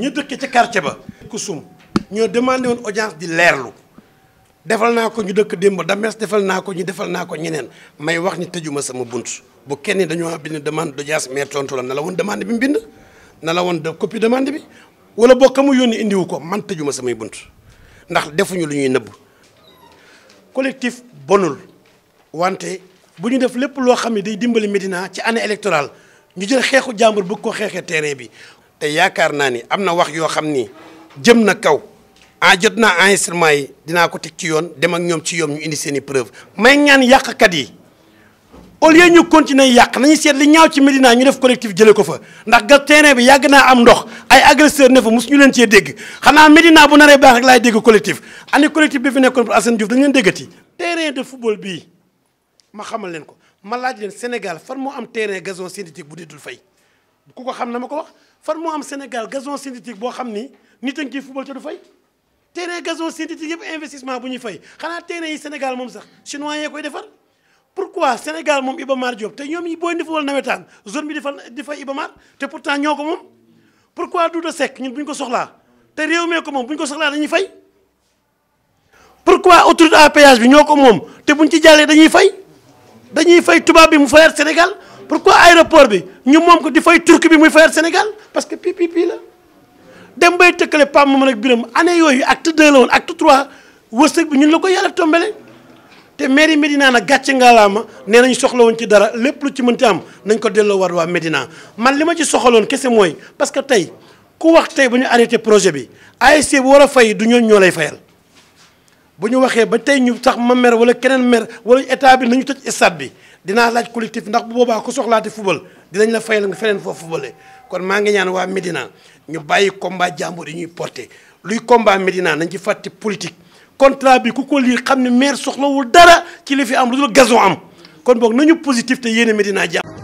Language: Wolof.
ñu dëkk ci quartier ba. Kusum ñoo demandé woon audience di leerlu defal naa ko ñu dëkk démb Dames defal naa ko ñu defal naa ko ñeneen may wax ni tëjuma sama bunt bu kenn dañoo bind demande d'audience mais tontu la na la woon demande bi mu bind na la woon de copie demande bi wala boo ko mu yónni indiwu ko man tëjuma samay bunt ndax defuñu lu ñuy nëbb collectif bonul wante. bu ñu def lépp loo xam ne day dimbali Médina ci année électorale ñu jël xeexu jàmbur bëgg ko xeexee terrain bi. te yaakaar naa ni am na wax yoo xam ni jëm na kaw ah jot naa enregistrement yi dinaa ko teg ci yoon dem ak ñoom ci yoon ñu indi seen i preuve may ñaan kat yi. au lieu ñu continuer yàq nañu seet li ñaaw ci Médina ñu def collectif jëlee ko fa ndax gas terrain bi yàgg naa am ndox ay agresseur ne fa su ñu leen cee dégg xanaa Médina bu naree baax rek laay dégg collectif. bi fi nekkoon pour Assane Diouf dañu leen bii. ma xamal leen ko ma laaj leen Sénégal fan moo am terrain gazon synthétique bu didul fay ku xam na ko wax fan moo am Sénégal gazon synthétique boo xam ni nit a ngi ciy football ca du fay. terrain gazon synthétique yëpp investissement bu ñuy fay xanaa terrain yi Sénégal moom sax chinois yee koy defar. pourquoi Sénégal moom Iba Mar Diop te ñoom yi booy defal nawetaan zone bi di fa di fa Iba Mar te pourtant ñoo ko moom. pourquoi Douta Seck ñun bu buñ ko soxla te réew mee ko moom bu ñu ko soxlaa dañuy fay. pourquoi autoroute à péage bi ñoo ko moom te buñ ci jàllee dañuy fay. dañuy fay tubaab bi mu fayal Sénégal pourquoi aéroport bi ñu moom ko di fay turki bi muy fayal Sénégal parce que PPP la. dem bay tëkkale PAM moom ak Birame année yooyu acte deux la woon ak trois wërsëg bi ñu la ko yàlla tombale te mairie Médina nag gàcce ngaalaama nee nañu soxla woon ci dara lépp lu ci mënti am nañ ko delloo war waa Médina man li ma ci soxaloon kese mooy parce que tey ku wax tey bu ñu arrêté projet bi ASC bu war a fay du ñoon lay fayal. bu ñu waxee ba tey ñu sax ma mer wala keneen mer wala état bi nañu toj stade bi dinaa laaj collectif ndax bu boobaa ku soxlaati fubal dinañ la fayal nga feneen foofu fubalee kon maa ngi ñaan waa Médina ñu bàyyi combat jàmbur yi ñuy porté luy combat Médina nañ ci fàtte politique contrat bi ku ko lii xam ne maire soxlawul dara ci li am lu dul gazon am kon boog nañu positif te yéene Médina jàmm